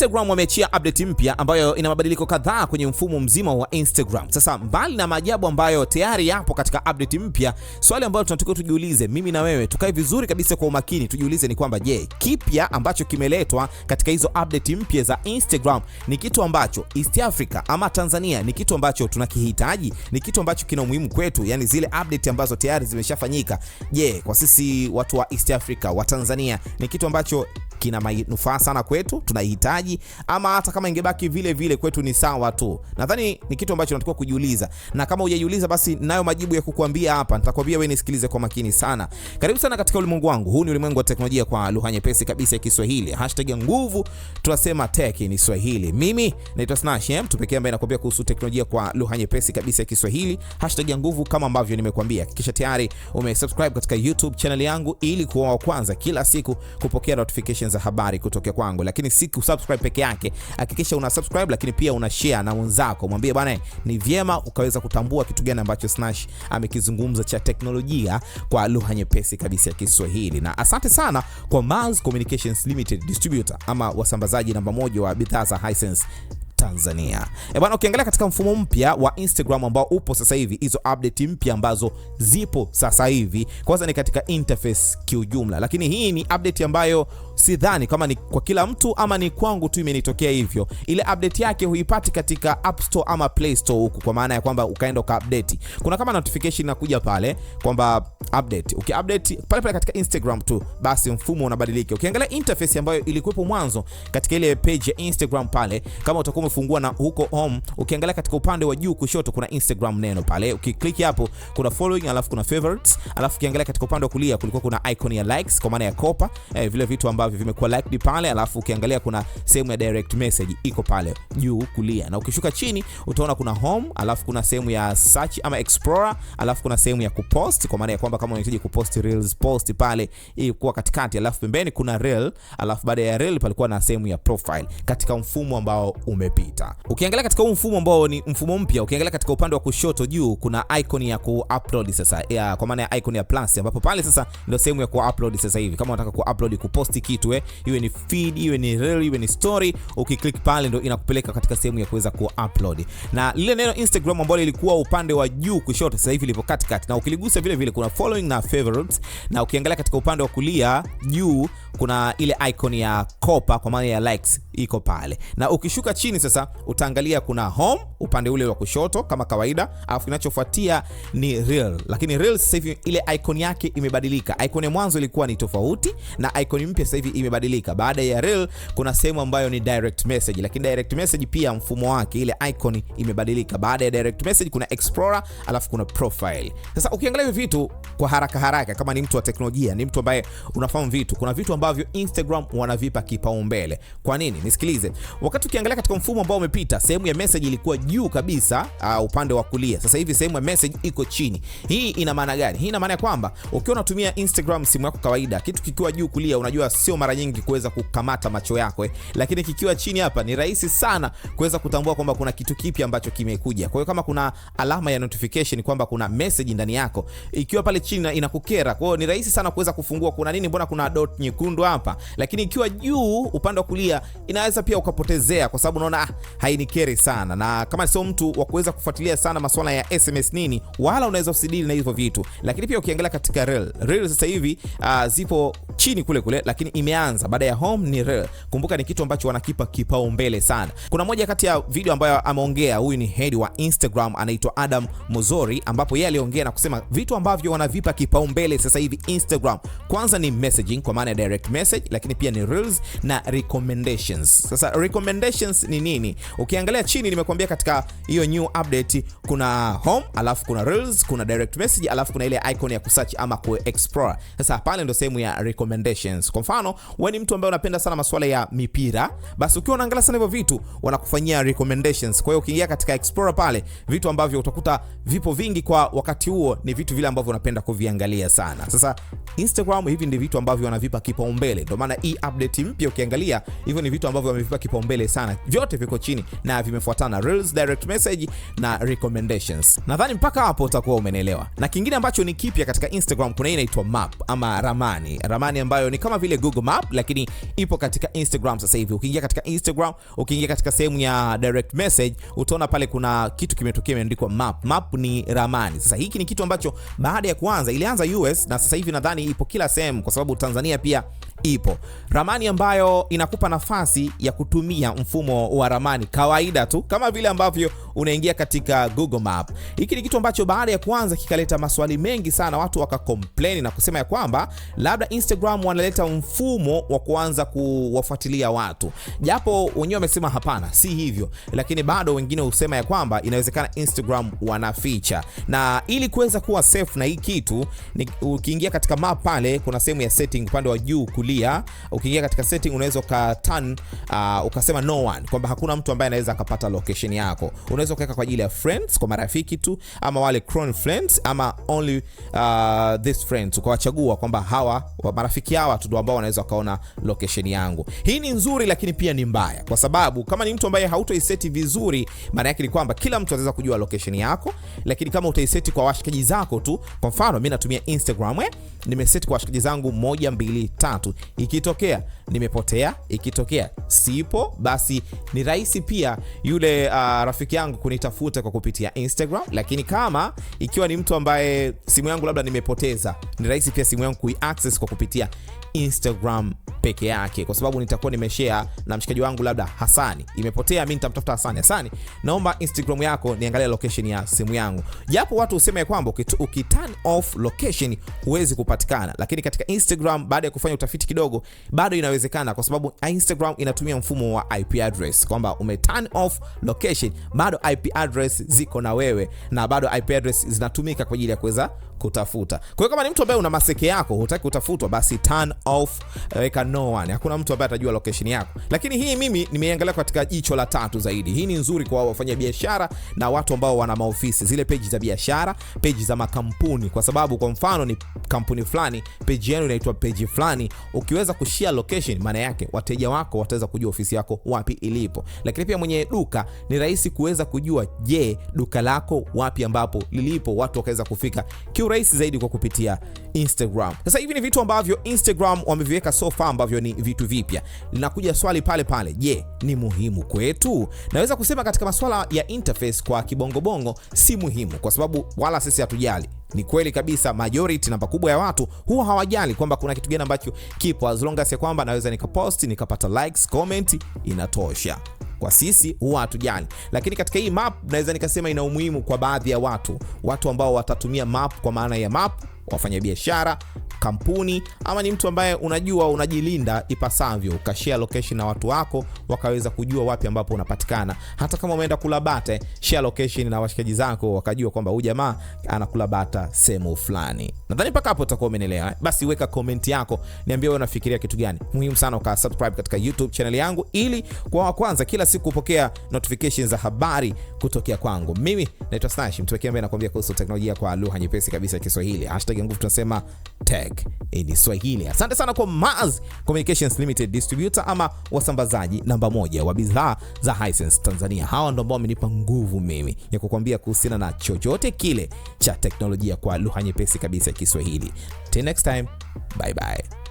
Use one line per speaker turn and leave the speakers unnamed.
Instagram wameachia update mpya ambayo ina mabadiliko kadhaa kwenye mfumo mzima wa Instagram. Sasa mbali na maajabu ambayo tayari yapo katika update mpya, swali ambalo tunatakiwa tujiulize, mimi na wewe tukae vizuri kabisa kwa umakini, tujiulize ni kwamba je, kipya ambacho kimeletwa katika hizo update mpya za Instagram ni kitu ambacho East Africa ama Tanzania ni kitu ambacho tunakihitaji, ni kitu ambacho kina umuhimu kwetu, yani zile update ambazo tayari zimeshafanyika. Je, kwa sisi watu wa East Africa wa Tanzania ni kitu ambacho kina manufaa sana kwetu, tunaihitaji, ama hata kama ingebaki vile vile kwetu ni sawa tu. Nadhani ni kitu ambacho natakiwa kujiuliza, na kama hujajiuliza, basi nayo majibu ya kukuambia hapa. Nitakwambia wewe, nisikilize kwa makini sana. Karibu sana katika ulimwengu wangu, huu ni ulimwengu wa teknolojia kwa lugha nyepesi kabisa ya Kiswahili, hashtag ya nguvu tunasema tech ni Swahili. Mimi naitwa Snash, mtu pekee ambaye nakwambia kuhusu teknolojia kwa lugha nyepesi kabisa ya Kiswahili, hashtag ya nguvu kama ambavyo nimekuambia. Hakikisha tayari umesubscribe katika YouTube channel yangu ili kuwa wa kwanza kila siku kupokea notification za habari kutokea kwangu, lakini si kusubscribe peke yake. Hakikisha una subscribe, lakini pia una share na wenzako, mwambie bwana, ni vyema ukaweza kutambua kitu gani ambacho Snash amekizungumza cha teknolojia kwa lugha nyepesi kabisa ya Kiswahili. Na asante sana kwa Mars Communications Limited distributor ama wasambazaji namba moja wa bidhaa za Hisense Tanzania. Eh, bwana, ukiangalia katika mfumo mpya wa Instagram ambao upo sasa hivi, hizo update mpya ambazo zipo sasa hivi, kwanza ni katika interface kiujumla, lakini hii ni update ambayo sidhani kama ni kwa kila mtu ama ni kwangu tu imenitokea hivyo. Ile update yake huipati katika App Store ama Play Store huku, kwa maana ya kwamba ukaenda uka update, kuna kama notification inakuja pale kwamba update. Ukiupdate pale pale katika Instagram tu, basi mfumo unabadilika. Ukiangalia interface ambayo ilikuwepo mwanzo katika ile page ya Instagram pale, kama utakuwa umefungua na huko home, ukiangalia katika upande wa juu kushoto kuna Instagram neno pale, ukiklik hapo kuna following, alafu kuna favorites, alafu ukiangalia katika upande wa kulia kulikuwa kuna icon ya likes, kwa maana ya kopa, eh, vile vitu ambavyo ambavyo vimekuwa liked pale, alafu ukiangalia kuna sehemu ya direct message iko pale juu kulia, na ukishuka chini utaona kuna home, alafu kuna sehemu ya search ama explorer, alafu kuna sehemu ya kupost, kwa maana ya kwamba kama unahitaji kupost reels, post pale ilikuwa katikati, alafu pembeni kuna reel, alafu baada ya reel palikuwa na sehemu ya profile katika mfumo ambao umepita. Ukiangalia katika huu mfumo ambao ni mfumo mpya, ukiangalia katika upande wa kushoto juu kuna icon ya ku upload sasa, ya kwa maana ya icon ya plus, ambapo pale sasa ndio sehemu ya ku upload sasa hivi, kama unataka ku kuupload kupost kitu kitu eh, iwe ni feed, iwe ni reel, iwe ni story, ukiklik pale ndo inakupeleka katika sehemu ya kuweza kuupload. Na lile neno Instagram ambalo lilikuwa upande wa juu kushoto, sasa hivi lipo katikati, na ukiligusa vile vile kuna following na favorites, na ukiangalia katika upande wa kulia juu kuna ile icon ya kopa kwa maana ya likes iko pale, na ukishuka chini sasa utaangalia kuna home upande ule wa kushoto kama kawaida, alafu kinachofuatia ni reel. Lakini reel sasa hivi ile icon yake imebadilika. Icon ya mwanzo ilikuwa ni tofauti na icon mpya sasa hivi imebadilika. Baada ya reel kuna sehemu ambayo ni direct message, lakini direct message pia mfumo wake, ile icon imebadilika. Baada ya direct message kuna explorer, alafu kuna profile. Sasa ukiangalia hivi vitu kwa haraka haraka, kama ni mtu wa teknolojia, ni mtu ambaye unafahamu vitu, kuna vitu ambavyo Instagram wanavipa kipaumbele. Kwa nini? Nisikilize. Wakati ukiangalia katika mfumo ambao umepita, sehemu ya message ilikuwa juu kabisa, uh, upande wa kulia. Sasa hivi sehemu ya message iko chini. Hii ina maana gani? Hii ina maana kwamba ukiwa unatumia Instagram simu yako kawaida, kitu kikiwa juu kulia, unajua sio mara nyingi kuweza kukamata macho yako, eh. lakini kikiwa chini hapa ni rahisi sana kuweza kutambua kwamba kuna kitu kipi ambacho kimekuja. Kwa hiyo kama kuna alama ya notification kwamba kuna message ndani yako ikiwa pale chini inakukera, kwa hiyo ni rahisi sana kuweza kufungua, kuna nini, mbona kuna dot nyekundu hapa. Lakini ikiwa juu upande wa kulia inaweza pia ukapotezea, kwa sababu unaona ah, hainikeri sana, na kama sio mtu wa kuweza kufuatilia sana masuala ya SMS nini, wala unaweza usidili na hivyo vitu. Lakini pia ukiangalia katika reel, reel sasa hivi uh, zipo chini kule kule, lakini imeanza baada ya home ni real. Kumbuka ni kitu ambacho wanakipa kipaumbele sana. Kuna moja kati ya video ambayo ameongea, huyu ni head wa Instagram anaitwa Adam Mozori, ambapo yeye aliongea na kusema vitu ambavyo wanavipa kipaumbele sasa hivi Instagram, kwanza ni messaging kwa maana ya direct message, lakini pia ni reels na recommendations. Sasa recommendations ni nini? Ukiangalia chini nimekuambia katika hiyo new update kuna home, alafu kuna reels, kuna direct message, alafu kuna ile icon ya kusearch ama kuexplore. Sasa pale ndo sehemu ya recommendations. Kwa mfano mfano wewe ni mtu ambaye unapenda sana masuala ya mipira, basi ukiwa unaangalia sana hivyo vitu wanakufanyia recommendations. Kwa hiyo ukiingia katika explorer pale, vitu ambavyo utakuta vipo vingi kwa wakati huo ni vitu vile ambavyo unapenda kuviangalia sana. Sasa Instagram, hivi ndivyo vitu ambavyo wanavipa kipaumbele, ndio maana hii update mpya ukiangalia, hivyo ni vitu ambavyo wamevipa kipaumbele sana, vyote viko chini na vimefuatana, reels, direct message na recommendations. Nadhani mpaka hapo utakuwa umenielewa. Na kingine ambacho ni kipya katika Instagram, kuna inaitwa map ama ramani, ramani ambayo ni kama vile Google Google Map, lakini ipo katika Instagram sasa hivi. Ukiingia katika Instagram, ukiingia katika sehemu ya direct message, utaona pale kuna kitu kimetokea, imeandikwa map. Map ni ramani. Sasa hiki ni kitu ambacho baada ya kuanza, ilianza US na sasa hivi nadhani ipo kila sehemu, kwa sababu Tanzania pia ipo ramani ambayo inakupa nafasi ya kutumia mfumo wa ramani kawaida tu kama vile ambavyo unaingia katika Google Map. Hiki ni kitu ambacho baada ya kuanza kikaleta maswali mengi sana, watu complain na kusema ya kwamba labda Instagram wanaleta mfumo wa kuanza kuwafuatilia watu, japo wenyewe wamesema hapana, si hivyo, lakini bado wengine husema ya kwamba inawezekana Instagram wanaficha, na ili kuweza kuwa safe na hii kitu, ukiingia katika map pale kuna sehemu ya setting upande wa juu kulia, ukiingia katika setting unaweza uka turn uh, ukasema no one, kwamba hakuna mtu ambaye anaweza akapata location yako. Unaweza ukaweka kwa ajili ya friends, kwa marafiki tu, ama wale cron friends, ama only uh, this friends, ukawachagua kwamba hawa wa marafiki hawa tu ambao wanaweza wakaona location yangu. Hii ni nzuri, lakini pia ni mbaya, kwa sababu kama ni mtu ambaye hautoiseti vizuri, maana yake ni kwamba kila mtu anaweza kujua location yako, lakini kama utaiseti kwa washikaji zako tu, kwa mfano mimi natumia Instagram eh, nimeseti kwa washikaji zangu moja, mbili, tatu. Ikitokea nimepotea, ikitokea sipo, basi ni rahisi pia yule uh, rafiki yangu kunitafuta kwa kupitia Instagram. Lakini kama ikiwa ni mtu ambaye simu yangu labda nimepoteza, ni rahisi pia simu yangu kuiaccess kwa kupitia Instagram peke yake, kwa sababu nitakuwa nimeshare na mshikaji wangu labda Hasani. Imepotea, mimi nitamtafuta Hasani. Hasani, naomba Instagram yako niangalie location ya simu yangu. Japo watu useme kwamba ukiturn off location huwezi kupatikana, lakini katika Instagram baada ya kufanya utafiti kidogo, bado inawezekana kwa sababu Instagram inatumia mfumo wa IP address kwamba ume turn off location, bado IP address ziko na wewe na bado IP address zinatumika kwa ajili ya kuweza kutafuta. Kwa hiyo kama ni mtu ambaye una maseke yako hutaki kutafutwa, basi turn off, eh, weka no one. Hakuna mtu ambaye atajua location yako. Lakini hii mimi nimeiangalia katika jicho la tatu zaidi. Hii ni nzuri kwa wafanya biashara na watu ambao wana maofisi, zile peji za biashara, peji za makampuni, kwa sababu kwa mfano ni kampuni fulani, peji yenu inaitwa peji fulani Ukiweza kushare location, maana yake wateja wako wataweza kujua ofisi yako wapi ilipo. Lakini pia mwenye duka ni rahisi kuweza kujua, je, duka lako wapi ambapo lilipo, watu wakaweza kufika kiurahisi zaidi kwa kupitia Instagram. Sasa hivi ni vitu ambavyo Instagram wameviweka so far ambavyo ni vitu vipya. Linakuja swali pale pale, je, ni muhimu kwetu? Naweza kusema katika masuala ya interface kwa kibongobongo si muhimu, kwa sababu wala sisi hatujali ni kweli kabisa, majority namba kubwa ya watu huwa hawajali kwamba kuna kitu gani ambacho kipo, as long as ya kwamba naweza nikaposti nikapata likes, comment inatosha. Kwa sisi huwa hatujali, lakini katika hii map naweza nikasema ina umuhimu kwa baadhi ya watu, watu ambao watatumia map kwa maana ya map kwa wafanyabiashara, kampuni ama ni mtu ambaye unajua unajilinda ipasavyo, ukashare location na watu wako wakaweza kujua wapi ambapo unapatikana. Hata kama umeenda kula bata, share location na washikaji zako wakajua kwamba huyu jamaa anakula bata sehemu fulani. Nadhani mpaka hapo utakuwa umeelewa. Eh? Basi weka comment yako, niambie wewe unafikiria kitu gani. Muhimu sana uka subscribe katika YouTube channel yangu ili kwa wa kwanza kila siku kupokea notifications za habari kutokea kwangu. Mimi naitwa Snash, mtu wake ambaye anakuambia kuhusu teknolojia kwa lugha nyepesi kabisa ya Kiswahili. Hashtag kupiga nguvu tunasema tag in Swahili. Asante sana kwa Maz Communications Limited, distributor ama wasambazaji namba moja wa bidhaa za Hisense Tanzania. Hawa ndio ambao wamenipa nguvu mimi ya kukwambia kuhusiana na chochote kile cha teknolojia kwa lugha nyepesi kabisa ya Kiswahili. Till next time, bye bye.